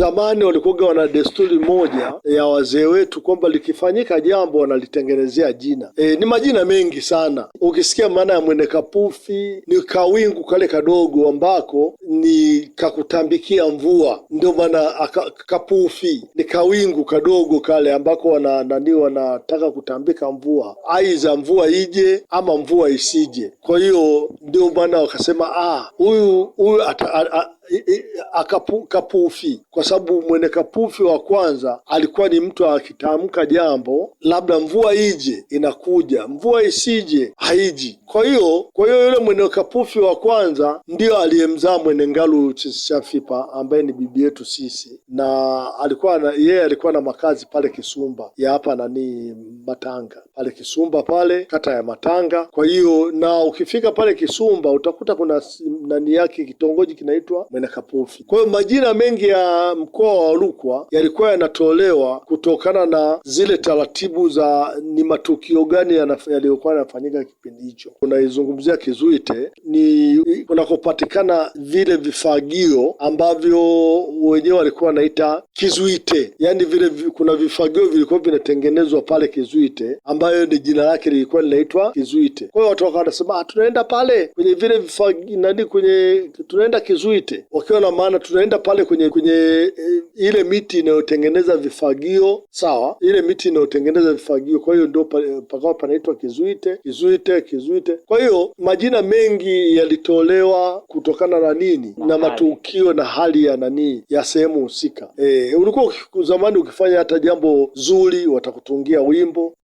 Zamani walikuwa wana desturi moja ya wazee wetu kwamba likifanyika jambo wanalitengenezea jina e, ni majina mengi sana. Ukisikia maana ya mwene kapufi ni kawingu kale kadogo ambako ni kakutambikia mvua, ndio maana kapufi ni kawingu kadogo kale ambako wana nani wanataka kutambika mvua, aidha mvua ije ama mvua isije. Kwa hiyo ndio maana wakasema, ah, huyu huyu akapufi, kwa sababu mwene kapufi wa kwanza alikuwa ni mtu akitamka jambo, labda mvua ije inakuja, mvua isije haiji. Kwa hiyo kwa hiyo yule Mwene Kapufi wa kwanza ndiyo aliyemzaa Mwene Ngalu Chishafipa ambaye ni bibi yetu sisi, na alikuwa na yeye alikuwa na makazi pale Kisumba ya hapa nani Matanga pale Kisumba pale kata ya Matanga. Kwa hiyo na ukifika pale Kisumba utakuta kuna nani yake kitongoji kinaitwa Mwene Kapufi. Kwa hiyo majina mengi ya mkoa wa Rukwa yalikuwa yanatolewa kutokana na zile taratibu za ni matukio gani yaliyokuwa yanafanyika kipindi hicho unaizungumzia Kizuite ni kunakopatikana vile vifagio ambavyo wenyewe walikuwa wanaita Kizuite, yaani vile kuna vifagio vilikuwa vinatengenezwa pale Kizuite, ambayo ni jina lake lilikuwa linaitwa Kizuite. Kwa hiyo watu wakawa wanasema ah, tunaenda pale kwenye vile vifagio nani, kwenye tunaenda Kizuite, wakiwa na maana tunaenda pale kwenye kwenye e, ile miti inayotengeneza vifagio, sawa, ile miti inayotengeneza vifagio. Kwa hiyo ndio pakawa panaitwa Kizuite, Kizuite, Kizuite yote. Kwa hiyo majina mengi yalitolewa kutokana na nini na, na matukio na hali ya nani ya sehemu husika. E, ulikuwa zamani ukifanya hata jambo zuri watakutungia wimbo